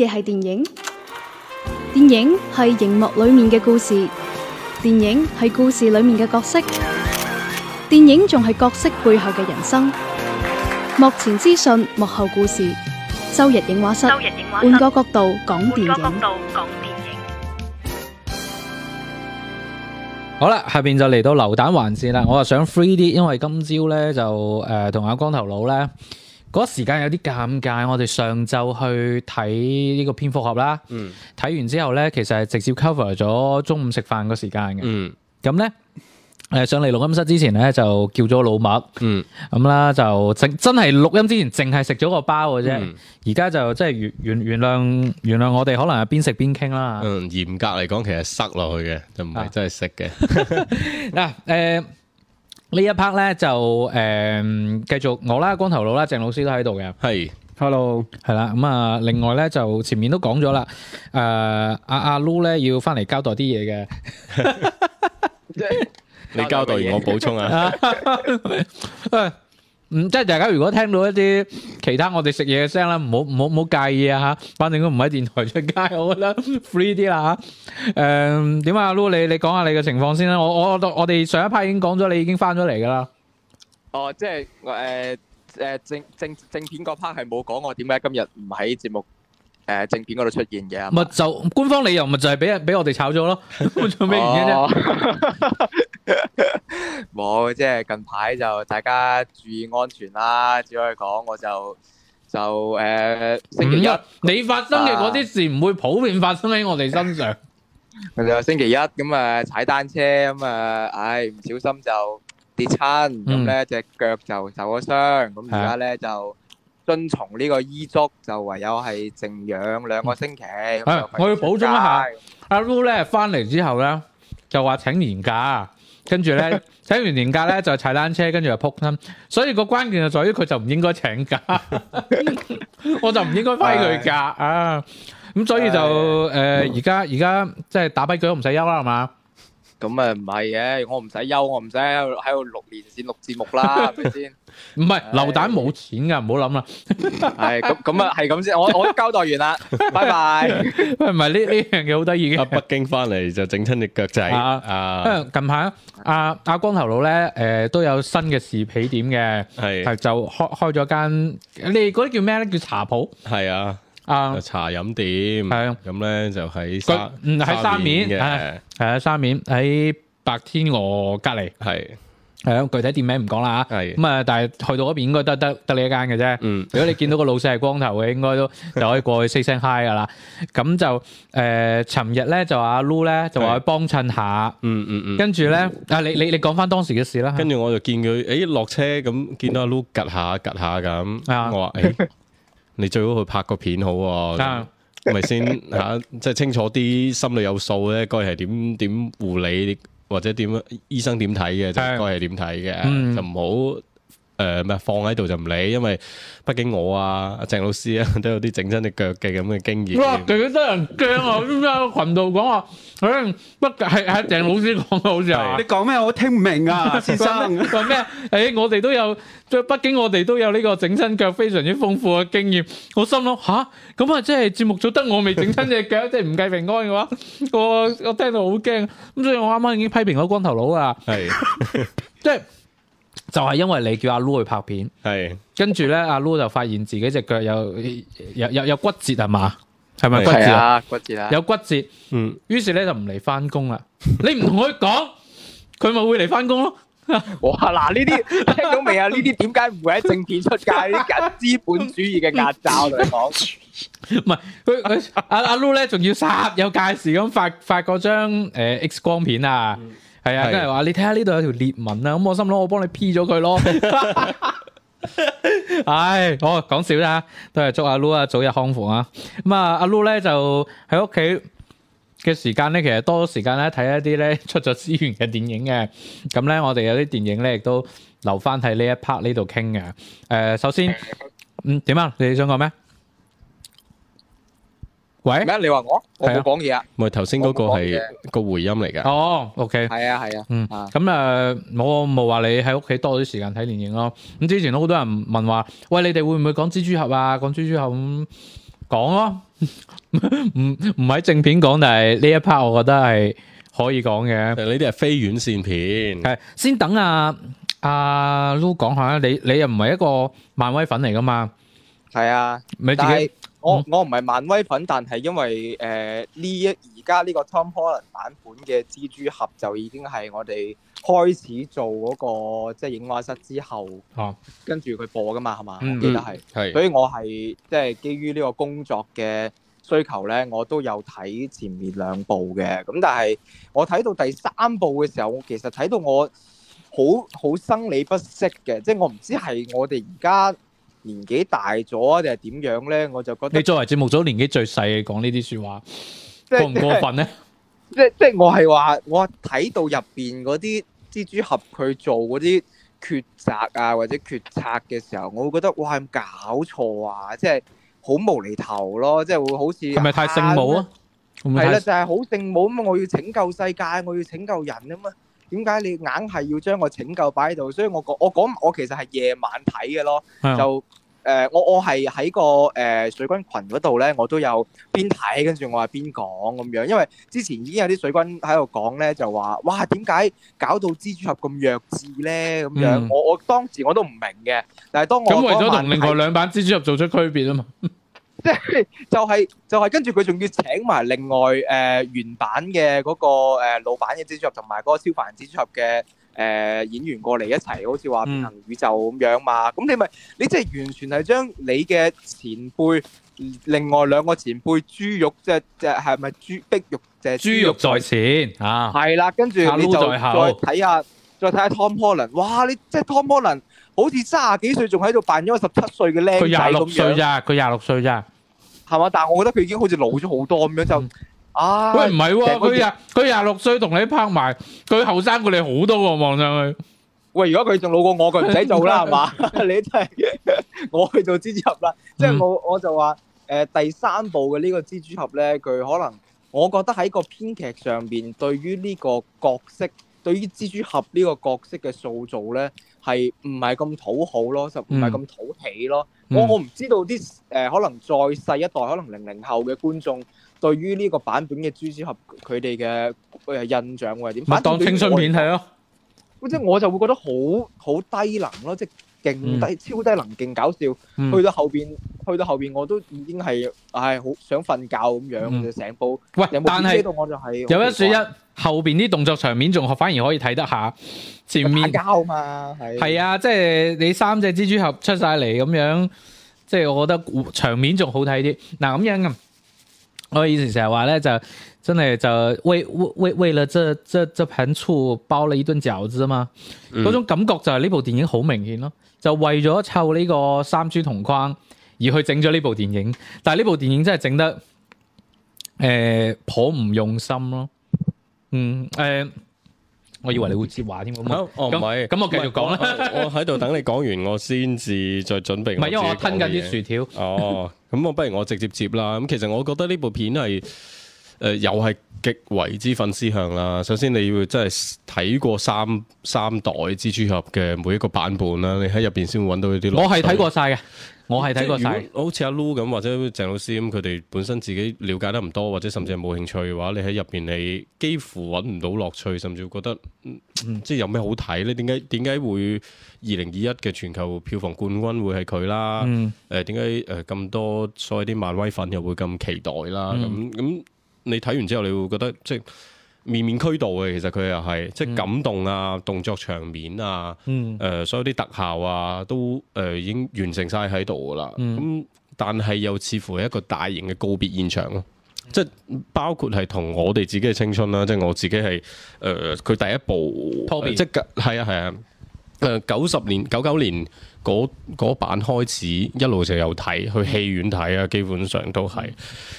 嘢係電影，電影係熒幕裏面嘅故事，電影係故事裏面嘅角色，電影仲係角色背後嘅人生。幕前資訊，幕後故事。周日影畫室，換個角度講電影。好啦，下邊就嚟到流蛋環節啦。我啊想 free 啲，因為今朝咧就誒同阿光頭佬咧。嗰時間有啲尷尬，我哋上晝去睇呢個蝙蝠俠啦，睇、嗯、完之後咧，其實係直接 cover 咗中午食飯個時間嘅。咁咧、嗯，誒上嚟錄音室之前咧，就叫咗老麥。咁、嗯、啦，就整真真係錄音之前，淨係食咗個包嘅啫。而家、嗯、就即係原原原諒原諒我哋，可能係邊食邊傾啦、嗯。嚴格嚟講，其實塞落去嘅，就唔係真係食嘅。嗱誒。呢一 part 咧就誒、嗯、繼續我啦，光頭佬啦，鄭老師都喺度嘅。係是，hello，係啦。咁、嗯、啊，另外咧就前面都講咗啦。誒、呃、阿阿 Lu 咧要翻嚟交代啲嘢嘅。你交代完，我補充啊。 嗯，即係大家如果聽到一啲其他我哋食嘢嘅聲啦，唔好唔好唔好介意啊嚇，反正都唔喺電台出街，我覺得 free 啲啦嚇。誒點啊，阿 Lo，你你講下你嘅情況先啦。我我我我哋上一 part 已經講咗你已經翻咗嚟噶啦。哦，即係誒誒正正正片嗰 part 係冇講我點解今日唔喺節目誒正片嗰度出現嘅。唔係就官方理由，咪就係俾人俾我哋炒咗咯，做咩啫。我即係近排就大家注意安全啦，只可以講，我就就誒、呃、星期一、嗯、你發生嘅嗰啲事唔會普遍發生喺我哋身上。 我就星期一咁啊踩單車咁啊，唉唔小心就跌親咁咧隻腳就受咗傷，咁而家咧就遵從呢個醫囑，就唯有係靜養兩個星期。嗯、我要補充一下，阿 Lo 咧翻嚟之後咧就話請年假。跟住咧，請完年假咧就是、踩單車，跟住就撲親，所以個關鍵就在於佢就唔應該請假， 我就唔應該批佢假 啊。咁所以就誒而家而家即係打跛腳都唔使休啦，係嘛？咁啊唔係嘅，我唔使休，我唔使喺度喺度錄連線錄節目啦，係咪先？唔係流蛋冇錢噶，唔好諗啦。係咁咁啊，係咁先，我我交代完啦，拜拜。喂，唔係呢呢樣嘢好得意嘅。北京翻嚟就整親隻腳仔啊。啊，近排啊，阿阿光頭佬咧，誒都有新嘅事起點嘅，係，就開開咗間，你嗰啲叫咩咧？叫茶鋪係啊。啊茶飲店，係咁咧就喺沙，嗯喺沙面係啊沙面，喺白天鵝隔籬，係係啊，具體店名唔講啦吓，係咁啊，但係去到嗰邊應該得得得你一間嘅啫。嗯，如果你見到個老細係光頭嘅，應該都就可以過去 say 聲 hi 噶啦。咁就誒，尋日咧就阿 Lu 咧就話去幫襯下，嗯嗯嗯，跟住咧啊，你你你講翻當時嘅事啦，跟住我就見佢誒落車咁見到阿 Lu𥄫 下 𥄫 下咁，我話誒。你最好去拍個片好喎，哦，咪、啊、先嚇、啊，即係清楚啲，心裏有數咧，該係點點護理，或者點樣啊醫生點睇嘅，啊、就該係點睇嘅，嗯、就唔好。誒咩、呃、放喺度就唔理，因為畢竟我啊鄭老師啊都有啲整親隻腳嘅咁嘅經驗。哇，佢都人驚、 哎、啊！邊個群度講話？嗯、哎，北係係鄭老師講嘅，好似係。你講咩？我聽唔明啊，先生。講咩？誒，我哋都有，即畢竟我哋都有呢個整親腳非常之豐富嘅經驗。我心諗吓，咁啊，即係節目組得我未整親隻腳，即係唔計平安嘅話，我我聽到好驚。咁所以我啱啱已經批評咗光頭佬啊。係是，即係。就係因為你叫阿 Lu 去拍片，係跟住咧，阿 Lu 就發現自己隻腳有有有有骨折啊嘛？係咪骨折啊？骨折啊！有骨折，嗯，於是咧就唔嚟翻工啦。你唔同佢講，佢咪 會嚟翻工咯？哇！嗱，呢啲聽到未啊？呢啲點解唔會喺正片出界出街啲資本主義嘅壓罩嚟講？唔係佢佢阿阿 Lu 咧，仲要煞有介事咁發發嗰張誒 X 光片啊！ 係啊，跟住話你睇下呢度有條裂紋啊。咁我心諗我幫你 P 咗佢咯。唉，好講笑啫，都係祝阿 Lu 啊早日康復啊。咁、嗯、啊，阿 Lu 咧就喺屋企嘅時間咧，其實多時間咧睇一啲咧出咗資源嘅電影嘅。咁咧，我哋有啲電影咧亦都留翻喺呢一 part 呢度傾嘅。誒、呃，首先，嗯，點啊？你想講咩？喂，咩？你話我，我冇講嘢啊！唔係頭先嗰個係個回音嚟嘅。哦，OK，係啊，係啊。嗯，咁誒，我冇話你喺屋企多啲時間睇電影咯。咁之前都好多人問話，喂，你哋會唔會講蜘蛛俠啊？講蜘蛛俠咁講咯，唔唔喺正片講，但係呢一 part 我覺得係可以講嘅。誒，呢啲係非院線片。係，先等阿阿 Lu 講下啦。你你又唔係一個漫威粉嚟噶嘛？係啊，你自己。我我唔係漫威粉，但係因為誒呢、呃、一而家呢個 Tom Holland 版本嘅蜘蛛俠，就已經係我哋開始做嗰、那個即係、就是、映畫室之後，啊、跟住佢播噶嘛，係嘛？我記得係，嗯嗯，所以我係即係基於呢個工作嘅需求咧，我都有睇前面兩部嘅。咁但係我睇到第三部嘅時候，我其實睇到我好好生理不適嘅，即、就、係、是、我唔知係我哋而家。年紀大咗啊，定係點樣咧？我就覺得你作為節目組年紀最細，講呢啲說話即係過唔過分咧？即係即係我係話，我睇到入邊嗰啲蜘蛛俠佢做嗰啲抉擇啊，或者決策嘅時候，我會覺得哇，咁搞錯啊？即係好無厘頭咯，即係會好似係咪太聖母啊？係啦，就係好聖母，咁我要拯救世界，我要拯救人啊嘛。點解你硬係要將個拯救擺喺度？所以我講我我，我其實係夜晚睇嘅咯，的就誒、呃、我我係喺個誒、呃、水軍群嗰度咧，我都有邊睇，跟住我係邊講咁樣。因為之前已經有啲水軍喺度講咧，就話哇，點解搞到蜘蛛俠咁弱智咧咁樣？嗯、我我當時我都唔明嘅，但係當我咁、嗯、為咗同另外兩版蜘蛛俠做出區別啊嘛。 即係就係就係跟住佢仲要請埋另外誒原版嘅嗰個誒老版嘅蜘蛛俠同埋嗰個超凡蜘蛛俠嘅誒演員過嚟一齊，好似話平行宇宙咁樣嘛。咁你咪你即係完全係將你嘅前輩，另外兩個前輩豬肉，即係即係係咪豬逼肉？豬肉在前啊！係啦，跟住你就再睇下再睇下 Tom Holland。哇！你即係 Tom Holland。好似三十幾歲仲喺度扮咗個十七歲嘅僆仔，佢廿六歲咋，佢廿六歲咋，係嘛？但係我覺得佢已經好似老咗好多咁樣、嗯、就啊。喂，唔係喎，佢廿佢廿六歲同你拍埋，佢後生過你好多，望上去。喂，如果佢仲老過我，佢唔使做啦，係嘛 是吧？你真係，我去做蜘蛛俠啦。即係我我就話誒、呃，第三部嘅呢個蜘蛛俠咧，佢可能我覺得喺個編劇上邊，對於呢個角色，對於蜘蛛俠呢個角色嘅塑造咧。係唔係咁討好咯？就唔係咁討喜咯。嗯、我我唔知道啲誒、呃，可能再細一代，可能零零後嘅觀眾對於呢個版本嘅《蜘蛛俠》，佢哋嘅誒印象會係點？咪當青春片睇咯。嗯嗯、即係我就會覺得好好低能咯，即係。勁低超低能勁搞笑，去到後邊、嗯、去到後邊我都已經係唉好想瞓覺咁樣，就成、嗯、部喂，有冇驚到我仲係有一說一，後邊啲動作場面仲反而可以睇得下，前面打交嘛係係啊，即係你三隻蜘蛛俠出晒嚟咁樣，即係我覺得場面仲好睇啲。嗱咁樣啊，我以前成日話咧就真係就為為為為了這即這盤醋包了一頓餃子嘛，嗰種感覺就係呢部電影好明顯咯。嗯就為咗湊呢個三蛛同框而去整咗呢部電影，但係呢部電影真係整得誒頗唔用心咯。嗯，誒、呃，我以為你會接話添，咁我唔係，咁我繼續講啦。我喺度 等你講完，我先至再準備。唔係，因為我吞緊啲薯條。 哦，咁我不如我直接接啦。咁其實我覺得呢部片係。誒、呃、又係極維之粉絲向啦。首先你要真係睇過三三代蜘蛛俠嘅每一個版本啦，你喺入邊先會揾到呢啲樂趣。我係睇過晒嘅，我係睇過晒，好似阿 Loo 咁，或者鄭老師咁，佢哋本身自己了解得唔多，或者甚至係冇興趣嘅話，你喺入邊你幾乎揾唔到樂趣，甚至會覺得、嗯嗯、即係有咩好睇咧？點解點解會二零二一嘅全球票房冠軍會係佢啦？誒點解誒咁多所有啲漫威粉又會咁期待啦？咁咁、嗯。你睇完之後，你會覺得即係面面俱到嘅。其實佢又係即係感動啊，動作場面啊，誒、嗯呃、所有啲特效啊，都誒、呃、已經完成晒喺度噶啦。咁、嗯、但係又似乎係一個大型嘅告別現場咯、嗯。即係包括係同我哋自己嘅青春啦。即係我自己係誒佢第一部，Toby 即係啊係啊。九十年，uh, 九九年嗰版開始，一路就有睇去戲院睇啊，基本上都係，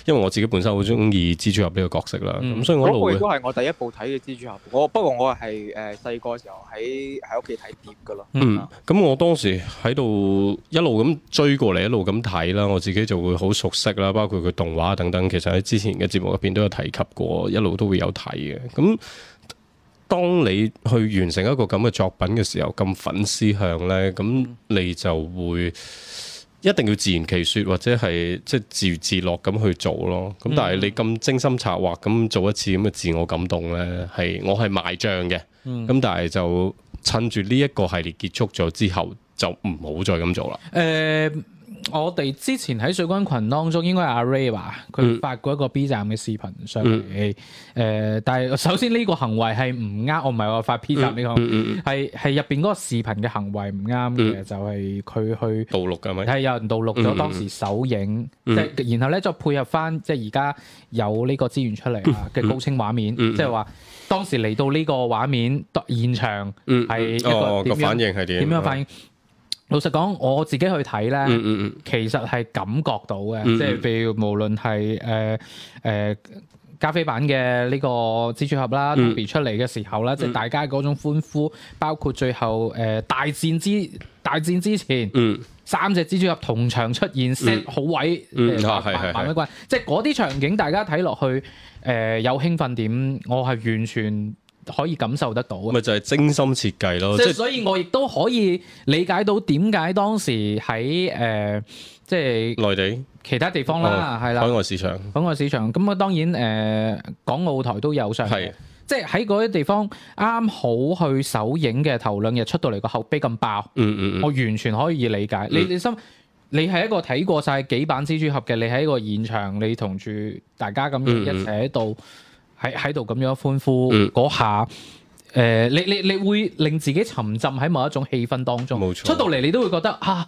因為我自己本身好中意蜘蛛俠呢個角色啦，咁所以我都係我第一部睇嘅蜘蛛俠，我不過我係誒細個時候喺喺屋企睇碟噶咯。嗯，咁、啊、我當時喺度一路咁追過嚟，一路咁睇啦，我自己就會好熟悉啦，包括佢動畫等等。其實喺之前嘅節目入邊都有提及過，一路都會有睇嘅。咁當你去完成一個咁嘅作品嘅時候，咁粉絲向呢，咁你就會一定要自圓其說，或者係即係自娛自樂咁去做咯。咁但係你咁精心策劃咁做一次咁嘅自我感動呢，係我係賣賬嘅。咁、嗯、但係就趁住呢一個系列結束咗之後，就唔好再咁做啦。誒、呃。我哋之前喺水軍群當中，應該係阿 Ray 話佢發過一個 B 站嘅視頻上嚟，誒、呃，但係首先呢個行為係唔啱，我唔係話發 B 站呢、這個，係係入邊嗰個視頻嘅行為唔啱嘅，嗯、就係佢去盜錄㗎嘛，係有人盜錄咗當時首映、嗯嗯就是，然後咧再配合翻，即係而家有呢個資源出嚟嘅高清畫面，即係話當時嚟到呢個畫面現場係一個點樣反應？點樣反應？老實講，我自己去睇咧，其實係感覺到嘅，即係譬如無論係誒誒加菲版嘅呢個蜘蛛俠啦，特別出嚟嘅時候啦，即係大家嗰種歡呼，包括最後誒大戰之大戰之前，三隻蜘蛛俠同場出現 set 好位，萬萬萬關，即係嗰啲場景大家睇落去誒有興奮點，我係完全。可以感受得到咪就係精心設計咯，即係是是所以我亦都可以理解到點解當時喺誒、呃，即係內地、其他地方啦，係啦、哦，了海外市場、海外市場咁啊，當然誒、呃，港澳台都有上去，係的即係喺嗰啲地方啱好去首映嘅頭兩日出到嚟個口碑咁爆，嗯嗯，嗯我完全可以理解。嗯、你你心你係一個睇過晒幾版蜘蛛俠嘅，你喺個現場你同住大家咁樣一齊喺度。嗯喺喺度咁樣歡呼嗰、嗯、下，誒、呃、你你你會令自己沉浸喺某一種氣氛當中。冇錯，出到嚟你都會覺得啊，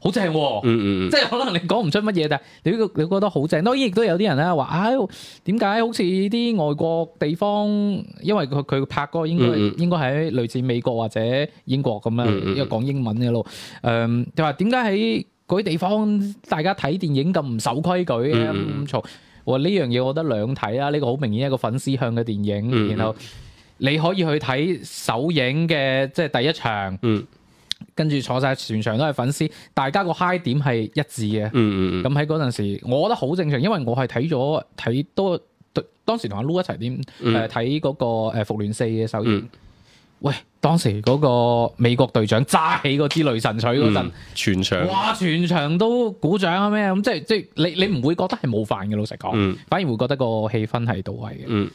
好正喎！嗯嗯即係可能你講唔出乜嘢，但係你你覺得好正。當然亦都有啲人咧話，啊，點解好似啲外國地方，因為佢佢拍歌應該、嗯、應該喺類似美國或者英國咁啦，嗯嗯、因為講英文嘅咯。誒、呃，就話點解喺嗰啲地方大家睇電影咁唔守規矩嘅？冇、嗯嗯呢樣嘢，我覺得兩睇啦。呢、呢個好明顯一個粉絲向嘅電影，嗯嗯然後你可以去睇首映嘅，即係第一場，嗯、跟住坐曬全場都係粉絲，大家個 high 點係一致嘅。咁喺嗰陣時，我覺得好正常，因為我係睇咗睇多，當時同阿 Loo 一齊啲誒睇嗰個誒、呃、復聯四嘅首映。嗯喂，當時嗰個美國隊長揸起嗰支雷神錘嗰陣，全場哇，全場都鼓掌啊咩？咁即係即係你你唔會覺得係冒犯嘅，老實講，嗯、反而會覺得個氣氛係到位嘅。嗯，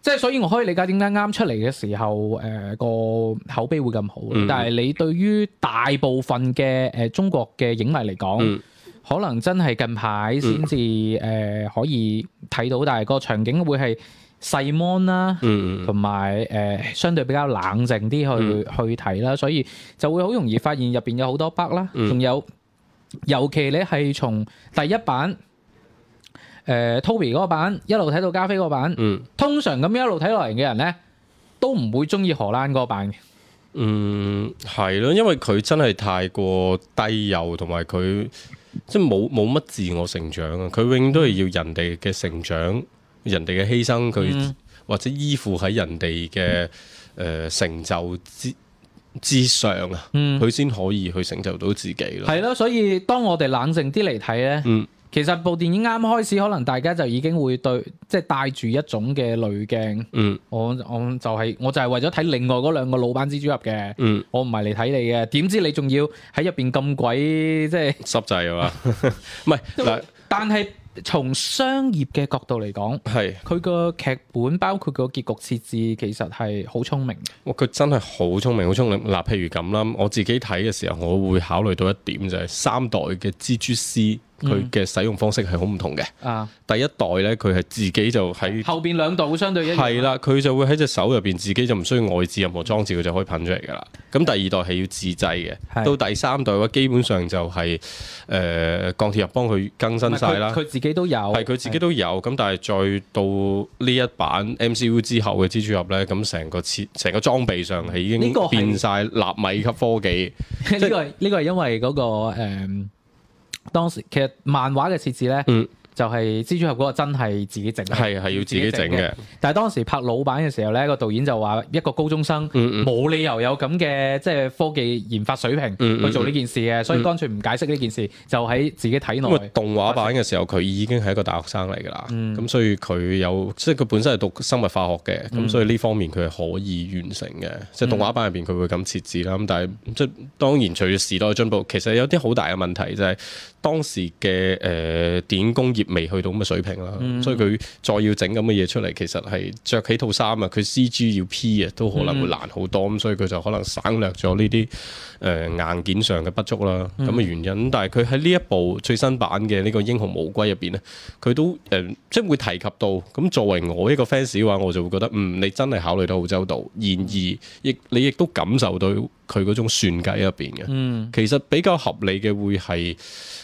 即係所以我可以理解點解啱出嚟嘅時候，誒、呃、個口碑會咁好。嗯、但係你對於大部分嘅誒、呃、中國嘅影迷嚟講，嗯嗯、可能真係近排先至誒可以睇到，但係個場景會係。細 mon 啦，同埋誒相對比較冷靜啲去、嗯、去睇啦，所以就會好容易發現入邊有好多 bug 啦，仲、嗯、有尤其你係從第一版誒、呃、Toby 嗰版一路睇到加菲嗰版，版嗯、通常咁一路睇落嚟嘅人咧，都唔會中意荷蘭嗰版嘅。嗯，係咯，因為佢真係太過低幼，同埋佢即係冇冇乜自我成長啊！佢永遠都係要人哋嘅成長。人哋嘅犧牲，佢或者依附喺人哋嘅誒成就之之上啊，佢先、嗯、可以去成就到自己咯。係咯，所以當我哋冷靜啲嚟睇呢，嗯、其實部電影啱開始可能大家就已經會對，即係帶住一種嘅濾鏡。嗯、我我就係、是、我就係為咗睇另外嗰兩個老版蜘蛛俠嘅，嗯、我唔係嚟睇你嘅，點知你仲要喺入邊咁鬼即係濕滯啊？唔 係但係是。 從商業嘅角度嚟講，係佢個劇本包括個結局設置，其實係好聰明。哇！佢真係好聰明，好聰明。嗱，譬如咁啦，我自己睇嘅時候，我會考慮到一點就係三代嘅蜘蛛絲。佢嘅使用方式係好唔同嘅。啊，第一代咧，佢係自己，就喺後邊兩代會相對係啦，佢就會喺隻手入邊，自己就唔需要外置任何裝置，佢就可以噴出嚟㗎啦。咁第二代係要自製嘅，到第三代嘅話，基本上就係誒鋼鐵俠幫佢更新晒啦。佢自己都有，係佢自己都有咁，但係再到呢一版 MCU 之後嘅蜘蛛俠咧，咁成個設，成個裝備上係已經變晒納米級科技。呢個，呢個係因為嗰個誒當時其實漫畫嘅設置呢，就係蜘蛛俠嗰個真係自己整，係係要自己整嘅。但係當時拍老版嘅時候，呢個導演就話一個高中生冇理由有咁嘅即係科技研發水平去做呢件事嘅，所以乾脆唔解釋呢件事，就喺自己體內。因為動畫版嘅時候，佢已經係一個大學生嚟㗎啦，咁所以佢有即係佢本身係讀生物化學嘅，咁所以呢方面佢係可以完成嘅。即係動畫版入邊佢會咁設置啦。咁但係即係當然隨住時代進步，其實有啲好大嘅問題就係。當時嘅誒電影工業未去到咁嘅水平啦，嗯、所以佢再要整咁嘅嘢出嚟，其實係着起套衫啊，佢 C G 要 P 呀都可能會難好多，咁、嗯、所以佢就可能省略咗呢啲硬件上嘅不足啦，咁嘅、嗯、原因。但係佢喺呢一部最新版嘅呢個英雄無歸入邊呢，佢都誒、呃、即係會提及到。咁作為我一個 fans 嘅話，我就會覺得嗯，你真係考慮得好周到。然而你亦你亦都感受到。佢嗰種算計入邊嘅，其實比較合理嘅會係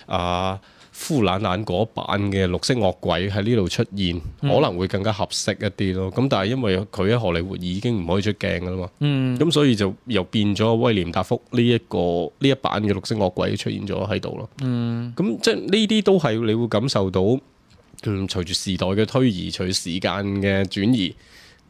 啊，法蘭高嗰版嘅綠色惡鬼喺呢度出現，嗯、可能會更加合適一啲咯。咁但係因為佢喺荷里活已經唔可以出鏡噶啦嘛，咁、嗯、所以就又變咗威廉達福呢一個呢一版嘅綠色惡鬼出現咗喺度咯。咁、嗯、即係呢啲都係你會感受到，嗯、隨住時代嘅推移，隨時間嘅轉移。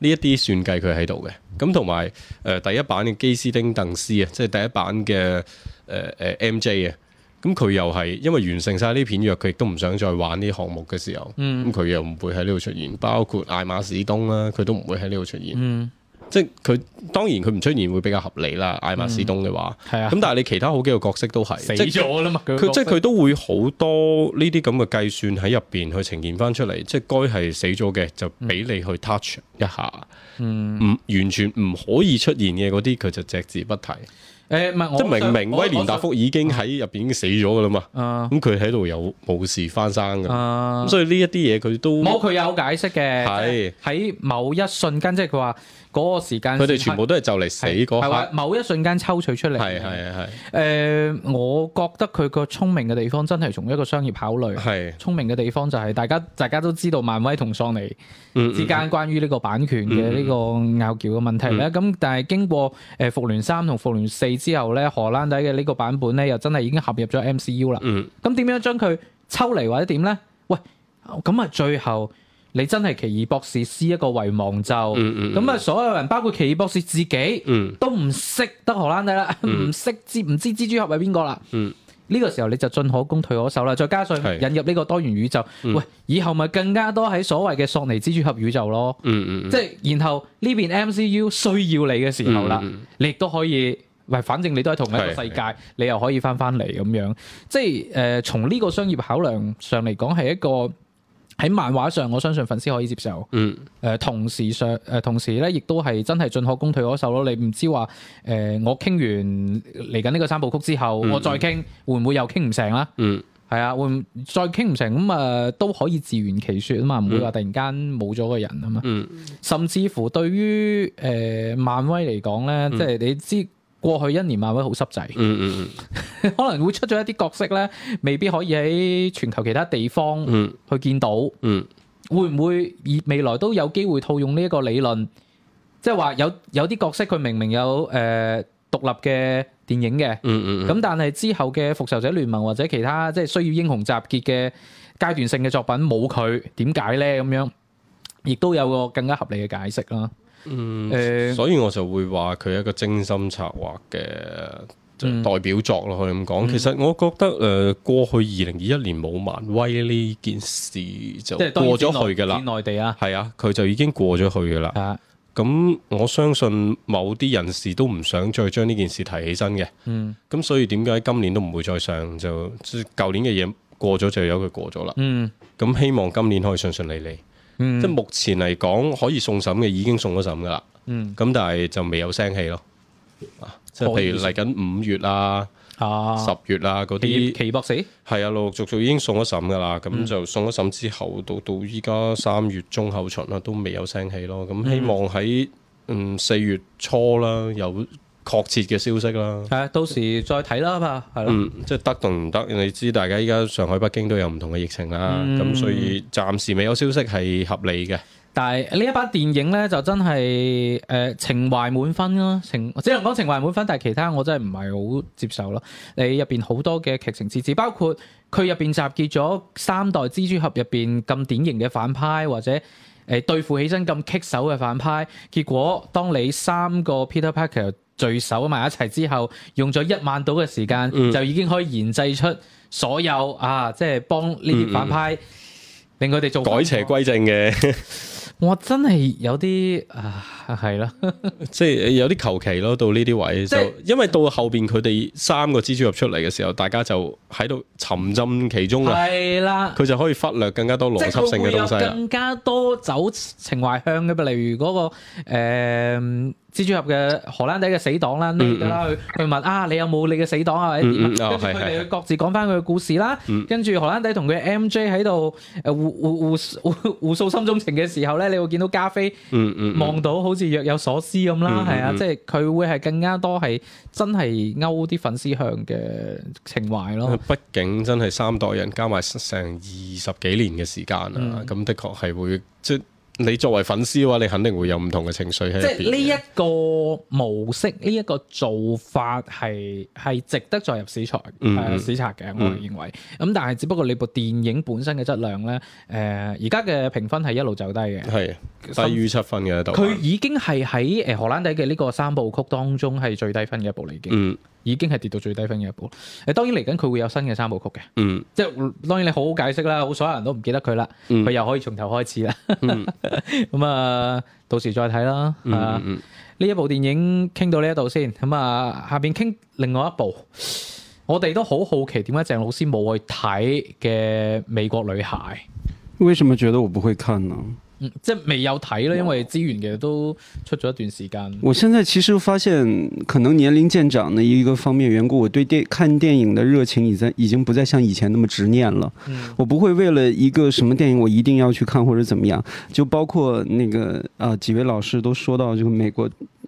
呢一啲算計佢喺度嘅，咁同埋誒第一版嘅基斯丁鄧斯啊，即係第一版嘅誒誒 MJ 啊，咁佢又係因為完成晒呢片約，佢亦都唔想再玩呢項目嘅時候，咁佢、嗯、又唔會喺呢度出現，包括艾馬史東啦、啊，佢都唔會喺呢度出現。嗯即係佢，當然佢唔出現會比較合理啦。艾瑪斯東嘅話，係啊。咁但係你其他好幾個角色都係死咗啦嘛。佢即係佢都會好多呢啲咁嘅計算喺入邊去呈現翻出嚟，即係該係死咗嘅就俾你去 touch 一下。嗯，唔完全唔可以出現嘅嗰啲，佢就隻字不提。誒，唔係，即明明威廉達福已經喺入邊已經死咗噶啦嘛。咁佢喺度又冇事翻生㗎。咁所以呢一啲嘢佢都冇，佢有解釋嘅。係喺某一瞬間，即係佢話。嗰個時間，佢哋全部都係就嚟死嗰的刻，某一瞬間抽取出嚟。係係係。誒、呃，我覺得佢個聰明嘅地方真係從一個商業考慮。係的聰明嘅地方就係大家大家都知道漫威同索尼之間嗯嗯嗯關於呢個版權嘅呢個拗撬嘅問題咧。咁、嗯嗯、但係經過誒復聯三同復聯四之後咧，荷蘭弟嘅呢個版本咧又真係已經合入咗 MCU 啦。嗯，嗯。咁點樣將佢抽離或者點咧？喂，咁啊最後。你真係奇異博士施一個遺忘咒，咁啊所有人包括奇異博士自己都唔識得荷蘭弟啦，唔識蜘唔知蜘蛛俠係邊個啦。呢個時候你就進可攻退可守啦。再加上引入呢個多元宇宙，喂，以後咪更加多喺所謂嘅索尼蜘蛛俠宇宙咯。即係然後呢邊 MCU 需要你嘅時候啦，你亦都可以，喂反正你都係同一個世界，你又可以翻翻嚟咁樣。即係誒，從呢個商業考量上嚟講，係一個。喺漫畫上，我相信粉絲可以接受。嗯。誒、呃，同時上誒、呃，同時咧，亦都係真係進可攻退可守咯。你唔知話誒、呃，我傾完嚟緊呢個三部曲之後，我再傾會唔會又傾唔成啦？嗯。係、嗯、啊，會唔會再傾唔成咁啊、呃，都可以自圓其説啊嘛，唔會話突然間冇咗個人啊嘛。嗯。甚至乎對於誒、呃、漫威嚟講咧，嗯、即係你知。過去一年漫威好濕滯， 可能會出咗一啲角色咧，未必可以喺全球其他地方去見到。嗯嗯、會唔會以未來都有機會套用呢一個理論？即係話有有啲角色佢明明有誒、呃、獨立嘅電影嘅，咁、嗯嗯嗯、但係之後嘅復仇者聯盟或者其他即係需要英雄集結嘅階段性嘅作品冇佢，點解咧？咁樣亦都有個更加合理嘅解釋啦。嗯，所以我就會話佢係一個精心策劃嘅代表作咯，可以咁講。嗯、其實我覺得誒、呃，過去二零二一年冇漫威呢件事就即過咗去噶啦，內地、嗯嗯、啊，係啊，佢就已經過咗去噶啦。咁、嗯、我相信某啲人士都唔想再將呢件事提起身嘅。咁、嗯、所以點解今年都唔會再上就舊、就是、年嘅嘢，過咗就由佢過咗啦。咁、嗯、希望今年可以順順利利。嗯、即係目前嚟講可以送審嘅已經送咗審噶啦，咁、嗯、但係就未有聲氣咯。即係以譬如嚟緊五月啊、十、啊、月啊嗰啲，奇異博士係啊，陸陸續續已經送咗審噶啦，咁、嗯、就送咗審之後到到依家三月中後旬啦，都未有聲氣咯。咁希望喺嗯四、嗯、月初啦有。確切嘅消息啦，係啊，到時再睇啦嘛，嗯、係咯，即係得同唔得？你知大家依家上海、北京都有唔同嘅疫情啦，咁、嗯、所以暫時未有消息係合理嘅。但係呢一班電影呢，就真係誒、呃、情懷滿分咯，情只能講情懷滿分，但係其他我真係唔係好接受咯。你入邊好多嘅劇情設置，包括佢入邊集結咗三代蜘蛛俠入邊咁典型嘅反派，或者誒、呃、對付起身咁棘手嘅反派，結果當你三個 Peter Parker 聚首埋一齊之後，用咗一晚到嘅時間，嗯、就已經可以研製出所有啊，即、就、係、是、幫呢啲反派，嗯嗯令佢哋做改邪歸正嘅 。我真係有啲啊～係啦，即係有啲求其咯，到呢啲位就，因為到後邊佢哋三個蜘蛛俠出嚟嘅時候，大家就喺度沉浸其中啊，係啦，佢就可以忽略更加多邏輯性嘅東西，更加多走情懷向嘅，例如嗰個誒蜘蛛俠嘅荷蘭弟嘅死黨啦，咩啦，去去問啊，你有冇你嘅死黨啊？佢哋去各自講翻佢嘅故事啦，跟住荷蘭弟同佢 MJ 喺度誒互互互互訴心中情嘅時候咧，你會見到加菲，望到好。好似若有所思咁啦，係、嗯、哼啊，即係佢會係更加多係真係勾啲粉絲向嘅情懷咯。畢竟真係三代人加埋成二十幾年嘅時間啊，咁、嗯、的確係會即。你作為粉絲嘅話，你肯定會有唔同嘅情緒喺。即係呢一個模式，呢、這、一個做法係係值得再入史冊，誒史冊嘅，我認為。咁、嗯嗯、但係只不過你部電影本身嘅質量呢，誒而家嘅評分係一路走低嘅，係低於七分嘅。佢已經係喺荷蘭弟嘅呢個三部曲當中係最低分嘅一部嚟嘅。嗯已經係跌到最低分嘅一部。誒當然嚟緊佢會有新嘅三部曲嘅。嗯，即係當然你好好解釋啦，好所有人都唔記得佢啦，佢、嗯、又可以從頭開始啦。咁、嗯、 啊，到時再睇啦。嗯嗯、啊，呢一部電影傾到呢一度先。咁啊，下邊傾另外一部。我哋都好好奇點解鄭老師冇去睇嘅《美國女孩》？為什麼覺得我不會看呢？嗯、即係未有睇啦，因為資源其實都出咗一段時間。我現在其實發現，可能年齡漸長的一個方面緣故，我對電看電影的熱情已在已經不再像以前那麼執念了。嗯、我不會為了一個什麼電影，我一定要去看或者怎麼樣。就包括那個啊、呃，幾位老師都說到，就美國。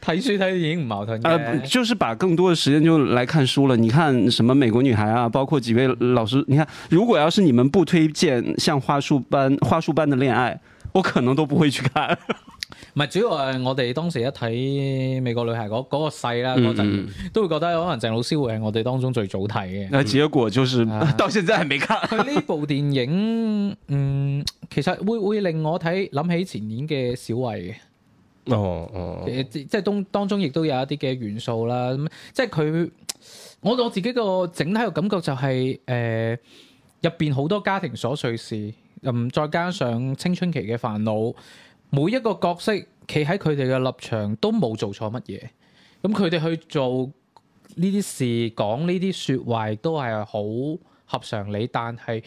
睇書睇電影唔矛盾。誒、呃，就是把更多的時間就來看書了。你看什麼美國女孩啊，包括幾位老師。你看，如果要是你們不推薦像《花束般》、《花束般的戀愛》，我可能都不會去看。唔係，主要係我哋當時一睇美國女孩嗰、那、嗰個細啦，嗰、那、陣、個嗯嗯、都會覺得可能鄭老師會係我哋當中最早睇嘅。啊、嗯，結果就是到現在係未睇。佢呢部電影，嗯，其實會會令我睇諗起前年嘅小偉。哦，誒即即係當當中亦都有一啲嘅元素啦，咁、嗯、即係佢我我自己個整體嘅感覺就係誒入邊好多家庭瑣碎事，嗯再加上青春期嘅煩惱，每一個角色企喺佢哋嘅立場都冇做錯乜嘢，咁佢哋去做呢啲事講呢啲説話都係好合常理，但係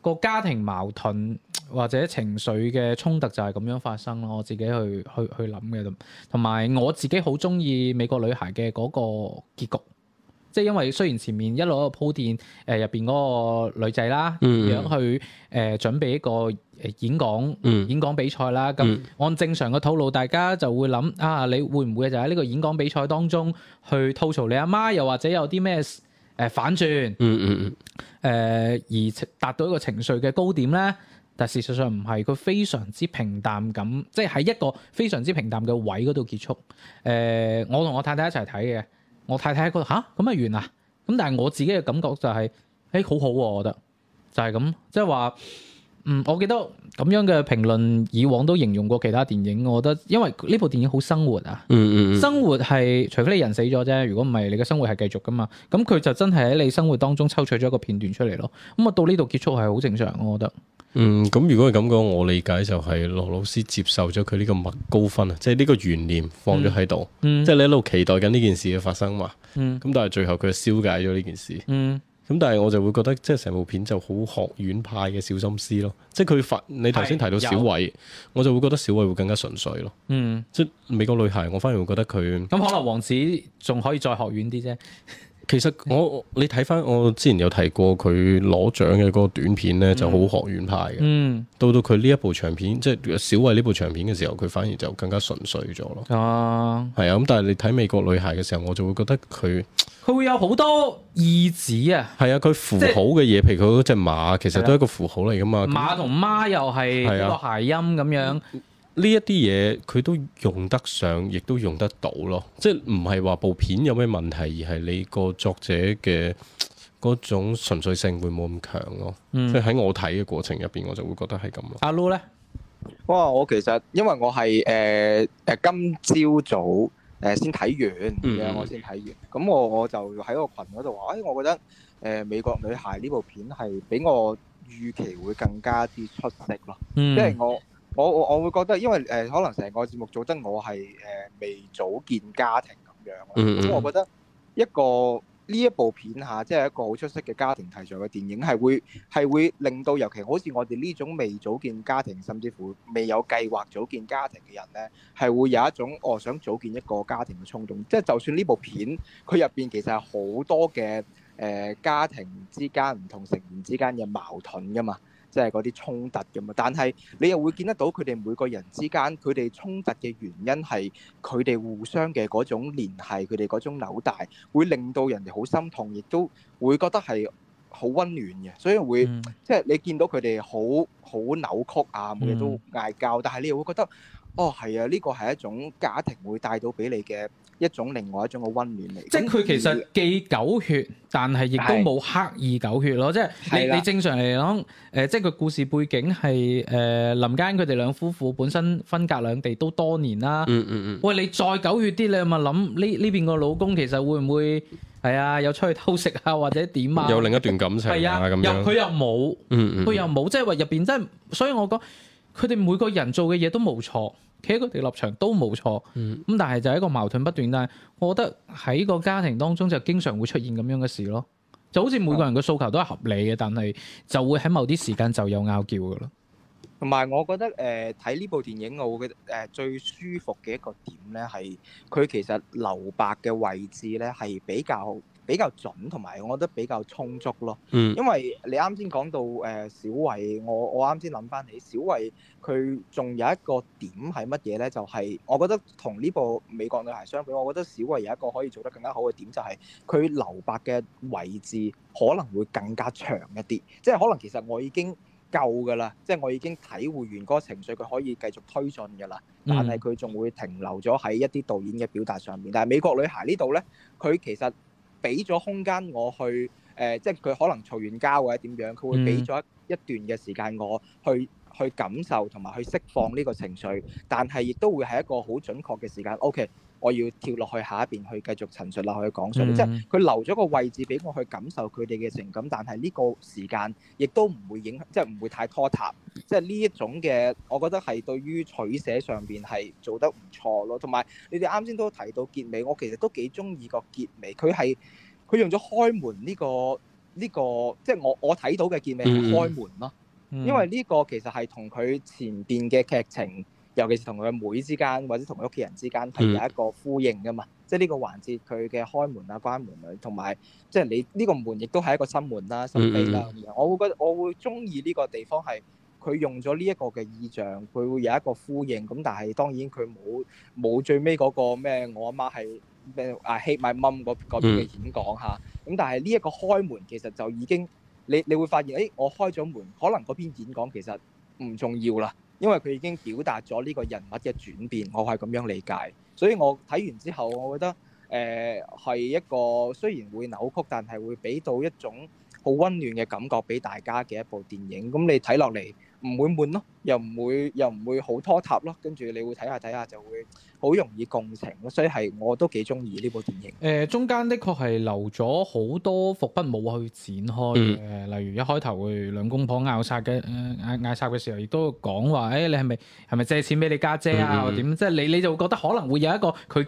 個家庭矛盾。或者情緒嘅衝突就係咁樣發生咯。我自己去去去諗嘅，同同埋我自己好鍾意美國女孩嘅嗰個結局，即係因為雖然前面一路鋪墊誒入邊嗰個女仔啦，點樣去誒、呃、準備一個誒演講、嗯、演講比賽啦。咁按正常嘅套路，大家就會諗啊，你會唔會就喺呢個演講比賽當中去吐槽你阿媽，又或者有啲咩誒反轉，誒、嗯嗯嗯呃、而達到一個情緒嘅高點咧？但事實上唔係，佢非常之平淡咁，即係喺一個非常之平淡嘅位嗰度結束。誒、呃，我同我太太一齊睇嘅，我太太喺嗰度吓，咁啊，完啦。咁但係我自己嘅感覺就係、是、誒、欸，好好喎、啊。我覺得就係、是、咁，即係話嗯，我記得咁樣嘅評論以往都形容過其他電影。我覺得因為呢部電影好生活啊，嗯嗯、嗯，生活係除非你人死咗啫。如果唔係，你嘅生活係繼續噶嘛。咁佢就真係喺你生活當中抽取咗一個片段出嚟咯。咁、嗯、啊，到呢度結束係好正常、啊，我覺得。嗯，咁如果係咁講，我理解就係羅老師接受咗佢呢個麥高芬，啊、嗯，嗯、即係呢個懸念放咗喺度，即係你喺度期待緊呢件事嘅發生嘛。咁、嗯嗯、但係最後佢消解咗呢件事。咁、嗯、但係我就會覺得，即係成部片就好學院派嘅小心思咯。即係佢發，你頭先提到小偉，我就會覺得小偉會更加純粹咯。嗯，即係美國女孩，我反而會覺得佢咁、嗯、可能王子仲可以再學院啲啫。其實我你睇翻我之前有提過佢攞獎嘅嗰個短片咧，嗯、就好學院派嘅。嗯，到到佢呢一部長片，即、就、係、是、小慧呢部長片嘅時候，佢反而就更加純粹咗咯。啊，係啊，咁但係你睇《美國女孩》嘅時候，我就會覺得佢佢會有好多意指啊。係啊，佢符號嘅嘢，即譬如佢嗰隻馬，其實都係一個符號嚟噶嘛。馬同媽又係一個諧音咁樣。的呢一啲嘢佢都用得上，亦都用得到咯。即係唔係話部片有咩問題，而係你個作者嘅嗰種純粹性會冇咁強咯。即係喺我睇嘅過程入邊，我就會覺得係咁咯。阿 Lo 咧，哇！我其實因為我係誒誒今朝早誒、呃、先睇完嘅，我先睇完。咁我、嗯、我就喺個群嗰度話，誒、哎，我覺得誒、呃、美國女孩呢部片係比我預期會更加啲出色咯。因為我。我我我會覺得，因為誒、呃、可能成個節目做得我係誒、呃、未組建家庭咁樣，咁、嗯嗯、我覺得一個呢一部片嚇，即、就、係、是、一個好出色嘅家庭題材嘅電影，係會係會令到尤其好似我哋呢種未組建家庭，甚至乎未有計劃組建家庭嘅人咧，係會有一種我想組建一個家庭嘅衝動，即、就、係、是、就算呢部片佢入邊其實係好多嘅誒、呃、家庭之間唔同成員之間嘅矛盾㗎嘛。即係嗰啲衝突咁嘛，但係你又會見得到佢哋每個人之間，佢哋衝突嘅原因係佢哋互相嘅嗰種聯繫，佢哋嗰種扭帶，會令到人哋好心痛，亦都會覺得係好温暖嘅。所以會、嗯、即係你見到佢哋好好扭曲啊，乜嘢都嗌交，嗯、但係你又會覺得。哦，係啊！呢個係一種家庭會帶到俾你嘅一種另外一種嘅温暖嚟嘅。即係佢其實既狗血，但係亦都冇刻意狗血咯。是的 即係你，你正常嚟講，誒、呃，即係個故事背景係誒、呃、林嘉欣佢哋兩夫婦本身分隔兩地都多年啦。嗯嗯、喂，你再狗血啲，你咪諗呢呢邊個老公其實會唔會係啊？有出去偷食啊，或者點啊？有另一段感情係啊？咁、啊、樣又佢又冇，佢、嗯嗯、又冇，即係話入邊真係，所以我講佢哋每個人做嘅嘢都冇錯。企喺佢哋立場都冇錯，咁但係就係一個矛盾不斷。但係，我覺得喺個家庭當中就經常會出現咁樣嘅事咯。就好似每個人嘅訴求都係合理嘅，但係就會喺某啲時間就有拗撬㗎咯。同埋我覺得誒睇呢部電影，我覺得誒、呃、最舒服嘅一個點咧係佢其實留白嘅位置咧係比較比較準，同埋，我覺得比較充足咯。嗯，因為你啱先講到誒小偉，我我啱先諗翻起小偉，佢仲有一個點係乜嘢咧？就係我覺得同呢部《美國女孩》相比，我覺得小偉有一個可以做得更加好嘅點，就係佢留白嘅位置可能會更加長一啲。即係可能其實我已經夠㗎啦，即係我已經體會完嗰個情緒，佢可以繼續推進㗎啦。但係佢仲會停留咗喺一啲導演嘅表達上面。但係《美國女孩》呢度咧，佢其實俾咗空間我去，誒、呃，即係佢可能嘈完交或者點樣，佢會俾咗一段嘅時間我去去感受同埋去釋放呢個情緒，但係亦都會係一個好準確嘅時間。OK。我要跳落去下一邊去繼續陳述落去講，所以、嗯、即係佢留咗個位置俾我去感受佢哋嘅情感，但係呢個時間亦都唔會影響，即係唔會太拖沓。即係呢一種嘅，我覺得係對於取捨上邊係做得唔錯咯。同埋你哋啱先都提到結尾，我其實都幾中意個結尾。佢係佢用咗開門呢個、呢個，即係我我睇到嘅結尾係開門咯。嗯嗯、因為呢個其實係同佢前邊嘅劇情。尤其是同佢妹之間，或者同佢屋企人之間，係有一個呼應㗎嘛。嗯、即係呢個環節，佢嘅開門啊、關門啊，同埋即係你呢、這個門亦都係一個心門啦、心扉啦。嗯、我會覺得我會中意呢個地方係佢用咗呢一個嘅意象，佢會有一個呼應。咁但係當然佢冇冇最尾嗰、那個咩，我阿媽係咩啊？希米 mum 嗰邊嘅演講吓。咁、嗯、但係呢一個開門其實就已經你你會發現，誒我開咗門，可能嗰邊演講其實。唔重要啦，因為佢已經表達咗呢個人物嘅轉變，我係咁樣理解。所以我睇完之後，我覺得誒係、呃、一個雖然會扭曲，但係會俾到一種好温暖嘅感覺俾大家嘅一部電影。咁、嗯、你睇落嚟。唔會悶咯，又唔會又唔會好拖沓咯，跟住你會睇下睇下就會好容易共情咯，所以係我都幾中意呢部電影。誒、呃，中間的確係留咗好多伏筆冇去展開嘅，嗯、例如一開頭佢兩公婆拗殺嘅誒嗌嗌殺嘅時候，亦都講話誒你係咪係咪借錢俾你家姐姐啊？點即係你你就覺得可能會有一個佢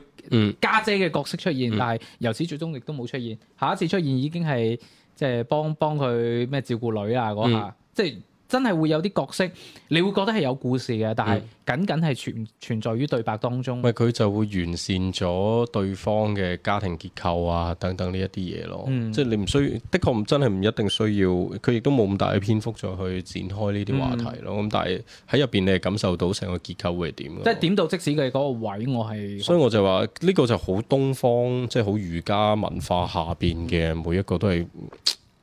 家姐嘅角色出現，嗯嗯、但係由始最終亦都冇出現，下一次出現已經係即係幫幫佢咩照顧女啊嗰下，即係。嗯真係會有啲角色，你會覺得係有故事嘅，但係僅僅係存存在於對白當中。佢就會完善咗對方嘅家庭結構啊，等等呢一啲嘢咯。嗯、即係你唔需要，的確真係唔一定需要。佢亦都冇咁大嘅篇幅再去展開呢啲話題咯。咁但係喺入邊你係感受到成個結構會係點？即係點到即使佢嗰個位，我係所以我就話呢、呢個就好東方，即係好儒家文化下邊嘅、嗯、每一個都係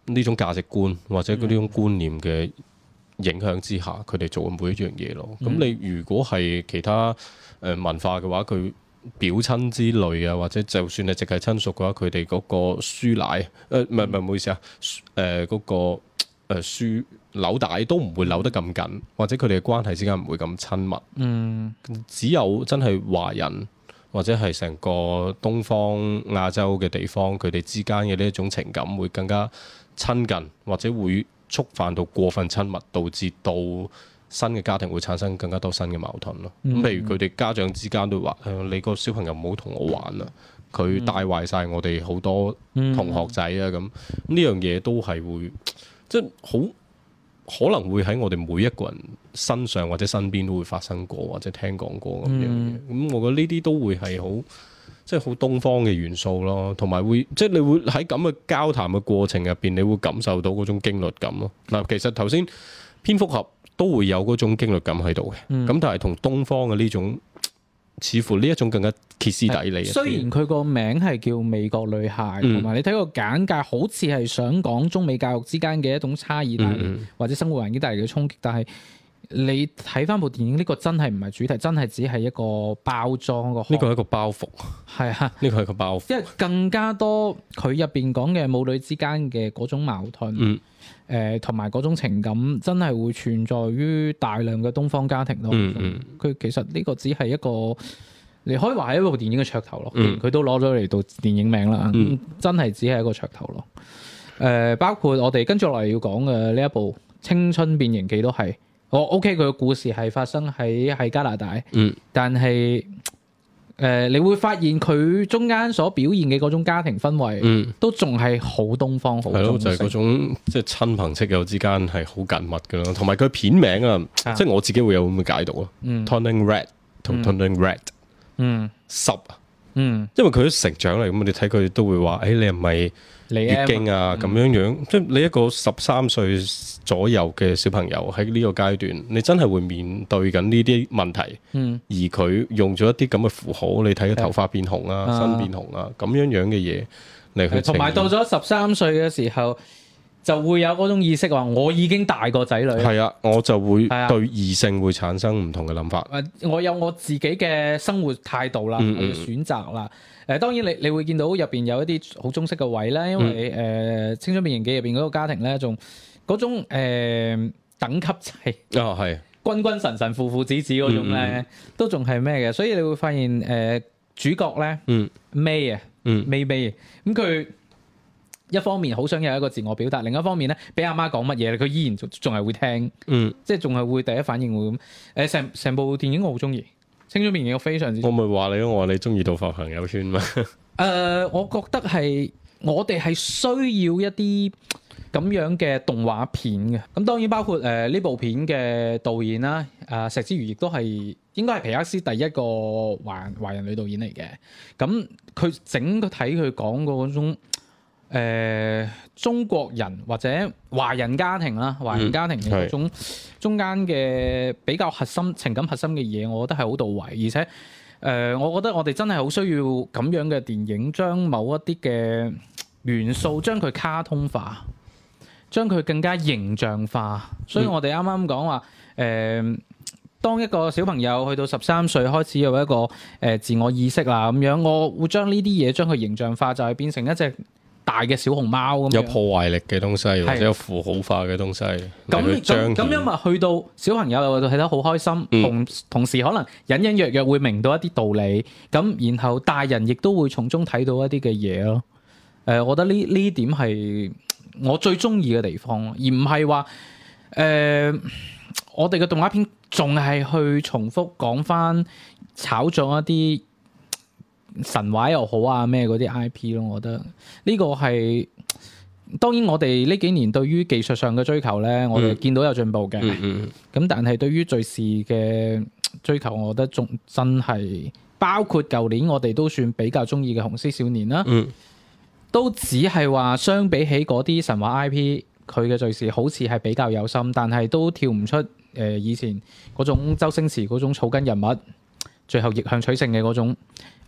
呢種價值觀或者呢種觀念嘅。影響之下，佢哋做嘅每一樣嘢咯。咁、嗯、你如果係其他誒文化嘅話，佢表親之類啊，或者就算係直係親屬嘅話，佢哋嗰個輸奶，誒唔係唔係，唔好意思啊，誒嗰個誒輸扭帶都唔會扭得咁緊，或者佢哋嘅關係之間唔會咁親密。嗯，只有真係華人或者係成個東方亞洲嘅地方，佢哋之間嘅呢一種情感會更加親近，或者會。觸犯到過分親密，導致到新嘅家庭會產生更加多新嘅矛盾咯。譬、嗯、如佢哋家長之間都話：誒，你個小朋友唔好同我玩啦，佢帶壞晒我哋好多同學仔啊！咁呢、嗯、樣嘢都係會，即係好可能會喺我哋每一個人身上或者身邊都會發生過，或者聽講過咁樣嘢。咁、嗯、我覺得呢啲都會係好。即係好東方嘅元素咯，同埋會即係你會喺咁嘅交談嘅過程入邊，你會感受到嗰種驚慄感咯。嗱，其實頭先蝙蝠俠都會有嗰種驚慄感喺度嘅，咁、嗯、但係同東方嘅呢種似乎呢一種更加歇斯底里。雖然佢個名係叫美國女孩，同埋、嗯、你睇個簡介好似係想講中美教育之間嘅一種差異、嗯，或者生活環境帶嚟嘅衝擊，但係，你睇翻部電影，呢、這個真係唔係主題，真係只係一個包裝個。呢個係一個包袱，係啊，呢個係個包袱。因為更加多佢入邊講嘅母女之間嘅嗰種矛盾，誒同埋嗰種情感，真係會存在於大量嘅東方家庭咯、嗯。嗯，佢其實呢個只係一個，你可以話係一部電影嘅噱頭咯。佢、嗯、都攞咗嚟到電影名啦。嗯嗯、真係只係一個噱頭咯。誒、呃，包括我哋跟住落嚟要講嘅呢一部《青春變形記》都係。我 OK 佢嘅故事係發生喺喺加拿大，嗯、但係誒、呃，你會發現佢中間所表現嘅嗰種家庭氛圍、嗯，都仲係好東方，係咯，就係、是、嗰種即係親朋戚友之間係好緊密噶咯。同埋佢片名啊，即係我自己會有咁嘅解讀咯。Turning Red 同 Turning Red，嗯，濕啊，嗯， S up 嗯因為佢都成長嚟，咁你睇佢都會話，誒、欸，你係咪？月經啊咁樣樣，嗯、即係你一個十三歲左右嘅小朋友喺呢個階段，你真係會面對緊呢啲問題。嗯，而佢用咗一啲咁嘅符號，你睇佢頭髮變紅啊，啊身變紅啊，咁樣樣嘅嘢嚟去。同埋到咗十三歲嘅時候，就會有嗰種意識話，我已經大個仔女。係啊，我就會對異性會產生唔同嘅諗法、啊。我有我自己嘅生活態度啦，嗯，嗯選擇啦。誒、呃，當然你你會見到入邊有一啲好中式嘅位咧，因為誒、嗯呃《青春變形記》入邊嗰個家庭咧，仲嗰種、呃、等級制、哦、啊，係君君臣臣富富止止、父父子子嗰種咧，都仲係咩嘅？所以你會發現誒、呃、主角咧，嗯，may 啊，嗯，may may 咁佢。一方面好想有一個自我表達，另一方面咧，俾阿媽講乜嘢，佢依然仲仲係會聽，嗯，即係仲係會第一反應會咁。誒、呃，成成部電影我好中意，《青春片》我非常之中意。我咪話你，我話你中意到發朋友圈嘛？誒、 呃，我覺得係我哋係需要一啲咁樣嘅動畫片嘅。咁當然包括誒呢、呃、部片嘅導演啦，誒、呃、石之瑜亦都係應該係皮克斯第一個華人華人女導演嚟嘅。咁佢整個睇佢講過嗰種。誒、呃、中國人或者華人家庭啦，華人家庭嘅一種中間嘅比較核心情感核心嘅嘢，我覺得係好到位。而且誒、呃，我覺得我哋真係好需要咁樣嘅電影，將某一啲嘅元素將佢卡通化，將佢更加形象化。所以我哋啱啱講話誒，當一個小朋友去到十三歲開始有一個誒、呃、自我意識啦，咁樣我會將呢啲嘢將佢形象化，就係、是、變成一隻大嘅小熊貓咁，有破壞力嘅東西，的或者有符好化嘅東西，咁將咁樣因為去到小朋友又睇得好開心，同、嗯、同時可能隱隱約約會明到一啲道理，咁然後大人亦都會從中睇到一啲嘅嘢咯。誒、呃，我覺得呢呢點係我最中意嘅地方，而唔係話誒我哋嘅動畫片仲係去重複講翻炒作一啲。神話又好啊，咩嗰啲 IP 咯，我覺得呢個係當然我哋呢幾年對於技術上嘅追求呢，嗯、我哋見到有進步嘅。咁、嗯嗯、但係對於敘事嘅追求，我覺得仲真係包括舊年我哋都算比較中意嘅《雄獅少年》啦、嗯，都只係話相比起嗰啲神話 IP，佢嘅敘事好似係比較有心，但係都跳唔出誒、呃、以前嗰種周星馳嗰種草根人物，最後逆向取勝嘅嗰種。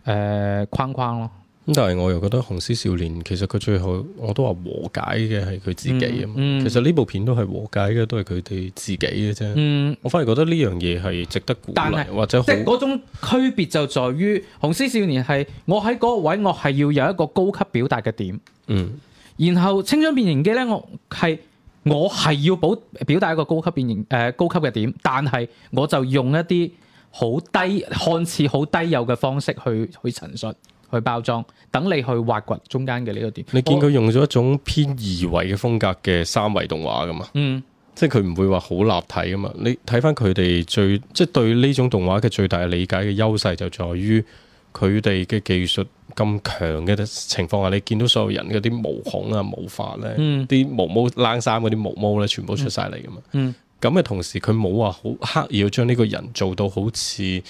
誒、呃，框框咯。咁但係我又覺得《雄獅少年》其實佢最後我都話和解嘅係佢自己啊嘛。嗯嗯、其實呢部片都係和解嘅，都係佢哋自己嘅啫。嗯，我反而覺得呢樣嘢係值得鼓勵是或者即係嗰種區別就在於《雄獅少年》係我喺嗰個位我係要有一個高級表達嘅點。嗯，然後《青春變形記》呢，我係我係要保表達一個高級變形誒、呃，高級嘅點，但係我就用一啲。好低看似好低幼嘅方式去去陳述、去包裝，等你去挖掘中間嘅呢個點。你見佢用咗一種偏二維嘅風格嘅三維動畫噶嘛？嗯，即係佢唔會話好立體噶嘛？你睇翻佢哋最即係對呢種動畫嘅最大理解嘅優勢就在於佢哋嘅技術咁強嘅情況下，你見到所有人嗰啲毛孔啊、毛髮咧，啲、嗯、毛毛冷衫嗰啲毛毛咧，全部出晒嚟噶嘛嗯？嗯。咁嘅同時，佢冇話好刻意要將呢個人做到好似誒、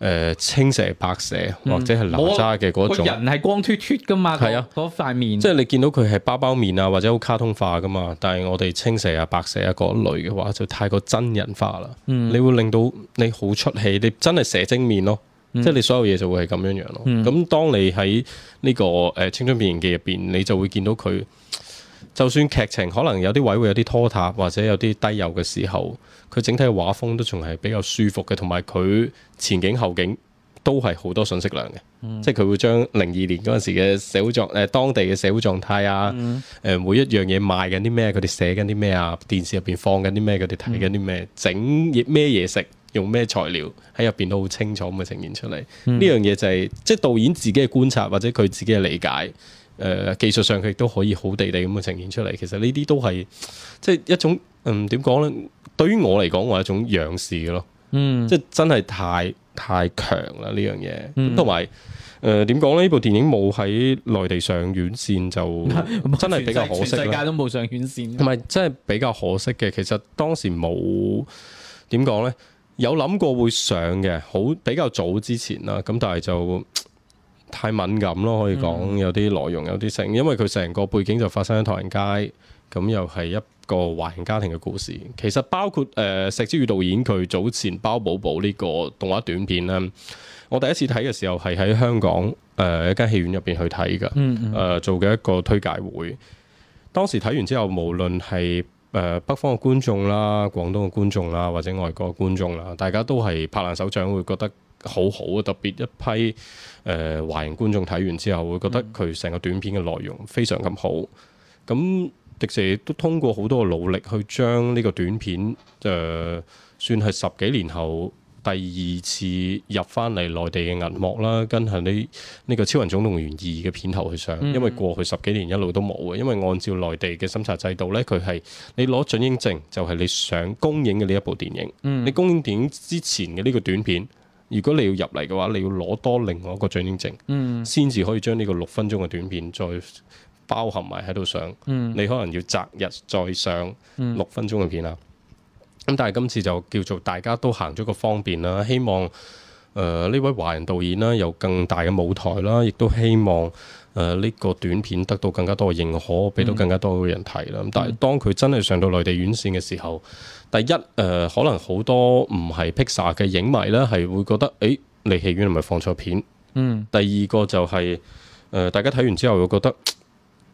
呃、青蛇白蛇或者係哪吒嘅嗰種，嗯、人係光脱脱噶嘛？係啊，嗰塊面，即係你見到佢係包包面啊，或者好卡通化噶嘛？但係我哋青蛇啊、白蛇啊嗰、那個、類嘅話，就太過真人化啦。嗯、你會令到你好出戲，你真係蛇精面咯，嗯、即係你所有嘢就會係咁樣樣咯。咁、嗯嗯、當你喺呢個誒青春變形記入邊，你就會見到佢。就算劇情可能有啲位會有啲拖沓，或者有啲低幼嘅時候，佢整體嘅畫風都仲係比較舒服嘅，同埋佢前景後景都係好多信息量嘅，嗯、即係佢會將零二年嗰陣時嘅社會狀誒、呃、當地嘅社會狀態啊，誒、嗯呃、每一樣嘢賣緊啲咩，佢哋寫緊啲咩啊，電視入邊放緊啲咩，佢哋睇緊啲咩，整咩嘢食，用咩材料喺入邊都好清楚咁嘅呈現出嚟。呢、嗯嗯、樣嘢就係、是、即係導演自己嘅觀察或者佢自己嘅理解。誒、呃、技術上佢亦都可以好地地咁樣呈現出嚟，其實呢啲都係即係一種嗯點講呢？對於我嚟講，我係一種仰視嘅咯，嗯，即係真係太太強啦、嗯啊呃、呢樣嘢，同埋誒點講咧？呢部電影冇喺內地上院線就真係比較可惜全世，全世界都冇上院線，同埋真係比較可惜嘅。其實當時冇點講呢，有諗過會上嘅，好比較早之前啦。咁但係就。太敏感咯，可以講有啲內容有啲性，因為佢成個背景就發生喺唐人街，咁又係一個華人家庭嘅故事。其實包括誒、呃、石之予導演佢早前包寶寶呢個動畫短片咧，我第一次睇嘅時候係喺香港誒、呃、一間戲院入邊去睇嘅，誒、呃、做嘅一個推介會。當時睇完之後，無論係誒、呃、北方嘅觀眾啦、廣東嘅觀眾啦，或者外國嘅觀眾啦，大家都係拍爛手掌，會覺得，好好啊！特別一批誒、呃、華人觀眾睇完之後，會覺得佢成個短片嘅內容非常咁好。咁、嗯、迪士尼都通過好多嘅努力去將呢個短片誒、呃，算係十幾年後第二次入翻嚟內地嘅銀幕啦。跟係你呢個超人總動員二嘅片頭去上，嗯、因為過去十幾年一路都冇嘅。因為按照內地嘅審查制度呢，佢係你攞準英證就係你想公映嘅呢一部電影。嗯、你公映電影之前嘅呢個短片。如果你要入嚟嘅話，你要攞多，多另外一個準映證，先至、嗯、可以將呢個六分鐘嘅短片再包含埋喺度上。嗯、你可能要擇日再上六分鐘嘅片啦。咁、嗯、但係今次就叫做大家都行咗個方便啦。希望誒呢、呃、位華人導演啦、啊、有更大嘅舞台啦，亦都希望誒呢、呃這個短片得到更加多嘅認可，俾到更加多嘅人睇啦。嗯嗯、但係當佢真係上到內地院線嘅時候，第一，誒、呃、可能好多唔係 Pixar 嘅影迷咧，係會覺得，誒、欸、你戲院係咪放錯片？嗯。第二個就係、是，誒、呃、大家睇完之後會覺得，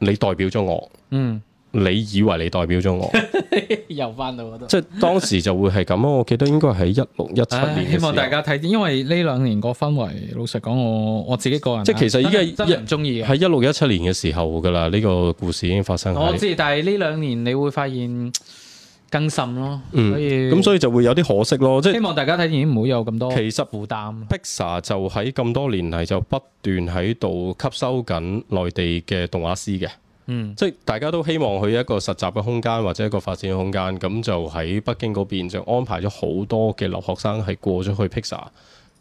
你代表咗我。嗯。你以為你代表咗我。 又翻到嗰度。即係當時就會係咁咯。我記得應該喺一六一七年、啊。希望大家睇啲，因為呢兩年個氛圍，老實講，我我自己個人即係其實依家真唔中意喺一六一七年嘅時候噶啦，呢、這個故事已經發生。我知，但係呢兩年你會發現。更新咯，嗯、所以咁、嗯、所以就會有啲可惜咯，即係希望大家睇電影唔好有咁多其實負擔。Pixar 就喺咁多年嚟就不斷喺度吸收緊內地嘅動畫師嘅，嗯，即係大家都希望佢一個實習嘅空間或者一個發展嘅空間，咁就喺北京嗰邊就安排咗好多嘅留學生係過咗去 Pixar，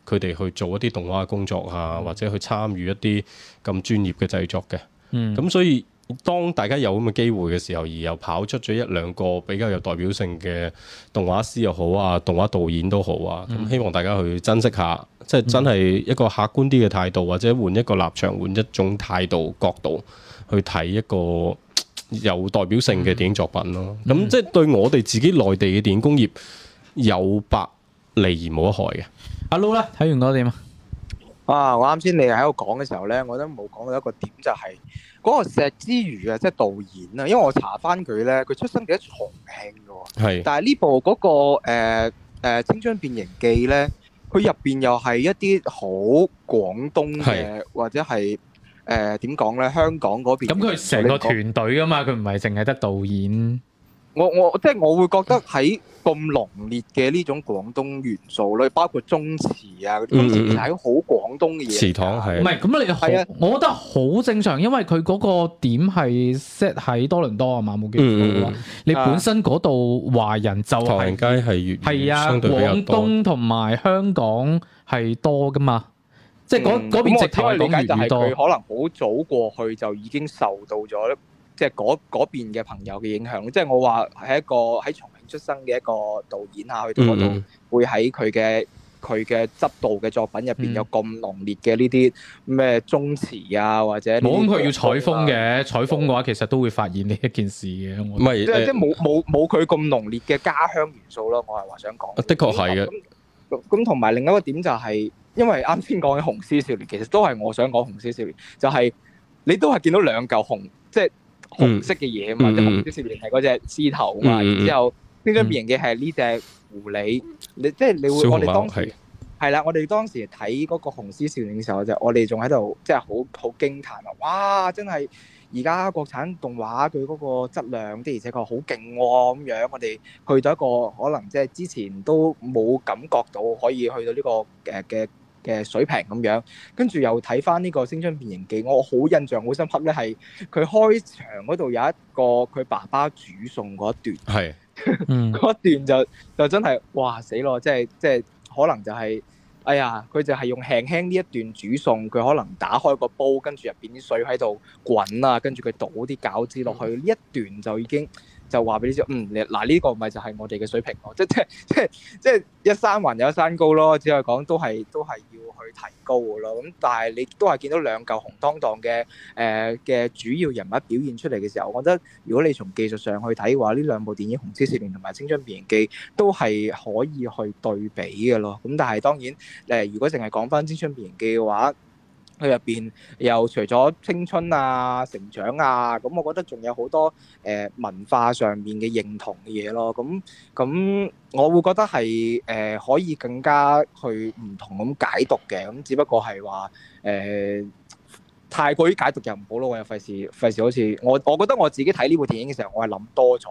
佢哋去做一啲動畫嘅工作啊，或者去參與一啲咁專業嘅製作嘅，嗯，咁所以。當大家有咁嘅機會嘅時候，而又跑出咗一兩個比較有代表性嘅動畫師又好啊，動畫導演都好啊，咁、嗯、希望大家去珍惜下，嗯、即係真係一個客觀啲嘅態度，或者換一個立場，換一種態度角度去睇一個有代表性嘅電影作品咯。咁、嗯、即係對我哋自己內地嘅電影工業有百利而冇一害嘅。阿 Low 咧，睇完覺得點啊？啊，我啱先你喺度講嘅時候呢，我都冇講到一個點就係、是。嗰個石之瑜啊，即係導演啦，因為我查翻佢咧，佢出生幾喺重慶嘅喎，是但係呢部嗰個誒誒《青春變形記》咧，佢入邊又係一啲好廣東嘅，是或者係誒點講咧？香港嗰邊咁，佢成個團隊啊嘛，佢唔係淨係得導演。我我即係我會覺得喺咁濃烈嘅呢種廣東元素，例包括宗祠啊，喺好廣東嘅嘢。祠堂係唔係咁你係啊？的我覺得好正常，因為佢嗰個點係 set 喺多倫多啊嘛，冇記錯、嗯、你本身嗰度華人就係唐人街係粵，係啊，啊，廣東同埋香港係多㗎嘛，嗯、即係嗰嗰邊直頭係講粵語多，可能好早過去就已經受到咗。即係嗰邊嘅朋友嘅影響，即係我話係一個喺重慶出生嘅一個導演啊，佢嗰度會喺佢嘅佢嘅執導嘅作品入邊有咁濃烈嘅呢啲咩宗祠啊，或者冇咁佢要採風嘅，採風嘅話其實都會發現呢一件事嘅，唔係即係即係冇冇冇佢咁濃烈嘅家鄉元素咯，我係話想講，啊。的確係嘅，咁同埋另一個點就係，因為啱先講嘅雄獅少年其實都係我想講雄獅少年，就係你都係見到兩嚿紅，即係。紅、嗯嗯、色嘅嘢嘛，即雄獅少年係嗰隻獅頭啊嘛，嗯、然之後呢張變形嘅係呢隻狐狸，嗯、你即係你會蚓蚓我哋當時係啦，我哋當時睇嗰個雄獅少年嘅時候就是我，我哋仲喺度即係好好驚歎啊！哇，真係而家國產動畫佢嗰個質量啲，而且佢好勁喎咁樣，我哋去到一個可能即係之前都冇感覺到可以去到呢、這個誒嘅。呃嘅水平咁樣，跟住又睇翻呢個《青春變形記》，我好印象好深刻咧，係佢開場嗰度有一個佢爸爸煮餸嗰一段，係，嗰、嗯、 一段就就真係，哇死咯！即係即係可能就係、是，哎呀，佢就係用輕輕呢一段煮餸，佢可能打開個煲，跟住入邊啲水喺度滾啊，跟住佢倒啲餃子落去，呢、嗯、一段就已經。就話俾你知，嗯，嗱、啊、呢、這個咪就係我哋嘅水平咯，即即即即一山還有一山高咯，只係講都係都係要去提高嘅咯。咁但係你都係見到兩嚿紅當當嘅誒嘅主要人物表現出嚟嘅時候，我覺得如果你從技術上去睇話，呢兩部電影《紅豬少年》同埋《青春變形記》都係可以去對比嘅咯。咁但係當然誒、呃，如果淨係講翻《青春變形記》嘅話，佢入邊又除咗青春啊、成長啊，咁、嗯、我覺得仲有好多誒、呃、文化上面嘅認同嘅嘢咯。咁、嗯、咁、嗯、我會覺得係誒、呃、可以更加去唔同咁解讀嘅。咁只不過係話誒太過於解讀又唔好咯，好我又費事費事好似我，我覺得我自己睇呢部電影嘅時候，我係諗多咗，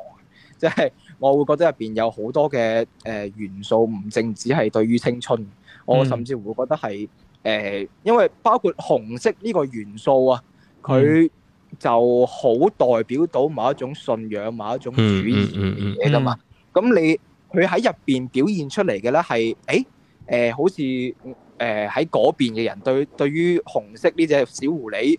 即、就、係、是、我會覺得入邊有好多嘅誒、呃、元素唔淨只係對於青春，我甚至會覺得係。嗯誒，因為包括紅色呢個元素啊，佢就好代表到某一種信仰、某一種主義嘅嘛。咁、嗯嗯嗯嗯、你佢喺入邊表現出嚟嘅咧，係誒誒，好似誒喺嗰邊嘅人對對於紅色呢隻小狐狸，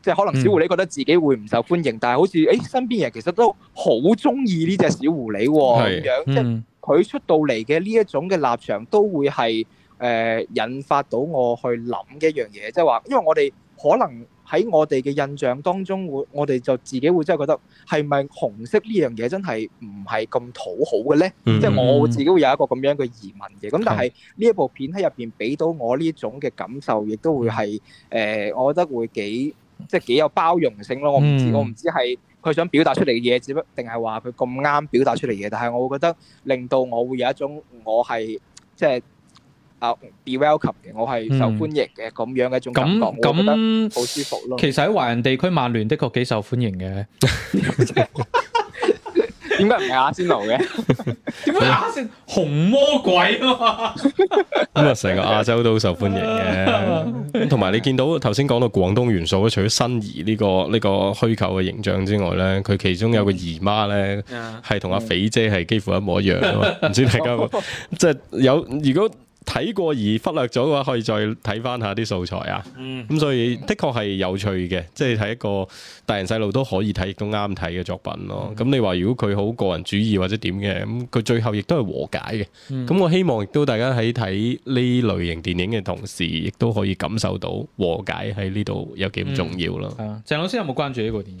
即係可能小狐狸覺得自己會唔受歡迎，嗯、但係好似誒身邊人其實都好中意呢隻小狐狸咁、啊嗯、樣，即佢出到嚟嘅呢一種嘅立場都會係。誒、呃、引發到我去諗嘅一樣嘢，即係話，因為我哋可能喺我哋嘅印象當中，會我哋就自己會真係覺得係咪紅色呢樣嘢真係唔係咁討好嘅咧？嗯、即係我自己會有一個咁樣嘅疑問嘅。咁但係呢一部片喺入邊俾到我呢種嘅感受，亦都會係誒、呃，我覺得會幾即係幾有包容性咯。我唔知、嗯、我唔知係佢想表達出嚟嘅嘢，只不定係話佢咁啱表達出嚟嘅。但係我會覺得令到我會有一種我係即係。d e 嘅，welcome, 我係受歡迎嘅咁、嗯、樣一種感覺，我覺得好舒服咯、啊。嗯、其實喺華人地區，曼聯的確幾受歡迎嘅。點解唔係阿仙奴嘅？點解阿仙紅魔鬼啊嘛？咁啊，成個亞洲都好受歡迎嘅。同埋 你見到頭先講到廣東元素咧、這個，除咗新儀呢個呢個虛構嘅形象之外咧，佢其中有個姨媽咧，係同阿肥姐係幾乎一模一樣，唔知大家即係有如果。 睇過而忽略咗嘅話，可以再睇翻下啲素材啊。咁、嗯、所以的確係有趣嘅，即係睇一個大人細路都可以睇都啱睇嘅作品咯。咁、嗯、你話如果佢好個人主義或者點嘅，咁佢最後亦都係和解嘅。咁、嗯、我希望亦都大家喺睇呢類型電影嘅同時，亦都可以感受到和解喺呢度有幾重要咯。係啊、嗯嗯，鄭老師有冇關注呢部電影？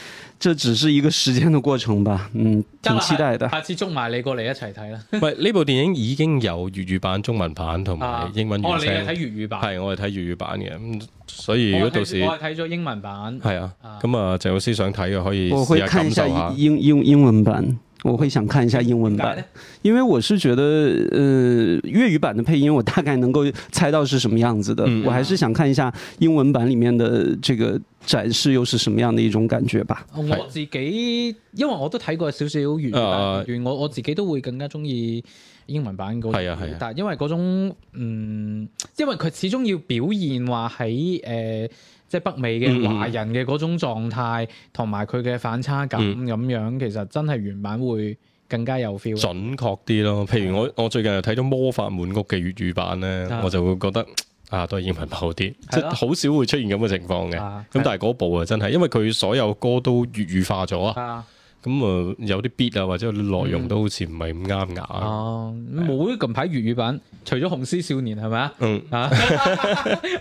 這只是一個時間的過程吧，嗯，挺期待的。下次捉埋你過嚟一齊睇啦。唔係呢部電影已經有粵語版、中文版同埋英文原聲、啊。哦，你係睇粵語版？係，我係睇粵語版嘅，所以如果到時我係睇咗英文版，係啊，咁啊、嗯，鄭老師想睇嘅可以試下感受下，下英英英文版。我會想看一下英文版，為何呢？因為我是覺得，呃，粵語版的配音我大概能夠猜到是什麼樣子的，嗯，我還是想看一下英文版裏面的這個展示又是什麼樣的一種感覺吧。嗯、我自己因為我都睇過少少原版，我、呃、我自己都會更加中意英文版嗰種，係、嗯、啊但係因為嗰種，嗯，因為佢始終要表現話喺誒。呃即係北美嘅華人嘅嗰種狀態，同埋佢嘅反差感咁樣，嗯、其實真係原版會更加有 feel，準確啲咯。譬如我、哦、我最近又睇咗《魔法滿屋》嘅粵語版咧，是啊、我就會覺得啊，都係英文版好啲，是啊、即係好少會出現咁嘅情況嘅。咁但係嗰部啊，嗰部真係因為佢所有歌都粵語化咗啊。咁啊，嗯、有啲 beat 啊，或者啲內容都好似唔係咁啱牙。哦、嗯，冇、啊啊、近排粵語版，除咗《雄獅少年》係咪啊？嗯啊，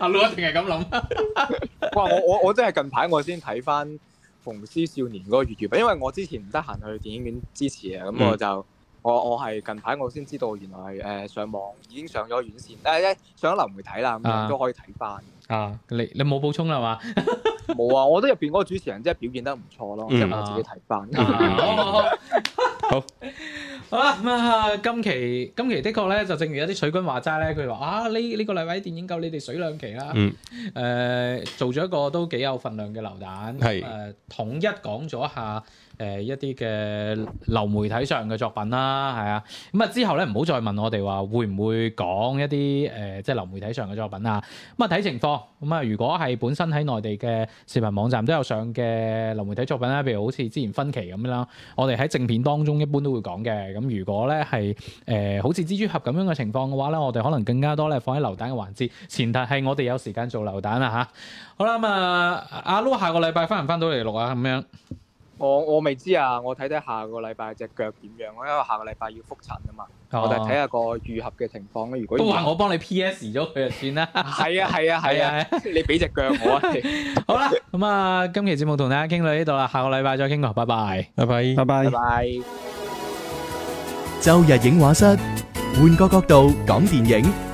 阿老一定係咁諗。哇！我我我真係近排我先睇翻《雄獅少年》嗰個粵語版，因為我之前唔得閒去電影院支持啊，咁我就、嗯、我我係近排我先知道原來誒、呃、上網已經上咗院線，誒、呃、上咗流媒體啦，咁樣都可以睇翻、啊。啊，你你冇補充啦嘛？ 冇啊！我覺得入邊嗰個主持人真係表現得唔錯咯，因為我自己睇翻。嗯、 好，好，啦！咁啊，今期今期的確咧，就正如一啲水軍話齋咧，佢話啊，呢呢、這個禮拜電影夠你哋水兩期啦。嗯。誒、呃，做咗一個都幾有份量嘅流蛋。係是。誒、呃，統一講咗下。誒、呃、一啲嘅流媒體上嘅作品啦，係啊，咁啊之後咧唔好再問我哋話會唔會講一啲誒、呃、即係流媒體上嘅作品啊，咁啊睇情況，咁啊如果係本身喺內地嘅視頻網站都有上嘅流媒體作品啦，譬如好似之前分歧咁樣啦，我哋喺正片當中一般都會講嘅，咁、啊、如果咧係誒好似蜘蛛俠咁樣嘅情況嘅話咧，我哋可能更加多咧放喺流蛋嘅環節，前提係我哋有時間做流蛋啦吓，好啦，咁、嗯、啊阿 Lu、啊、下個禮拜翻唔翻到嚟錄啊咁樣。我我未知啊，我睇睇下個禮拜隻腳點樣，因為下個禮拜要複診啊嘛，我哋睇下個癒合嘅情況咯。如果唔係我幫你 PS 咗佢就算啦。係啊係啊係啊，你俾隻腳我啊。好啦，咁啊，今期節目同大家傾到呢度啦，下個禮拜再傾過，拜拜，拜拜，拜拜，拜拜。周日影畫室，換個角度講電影。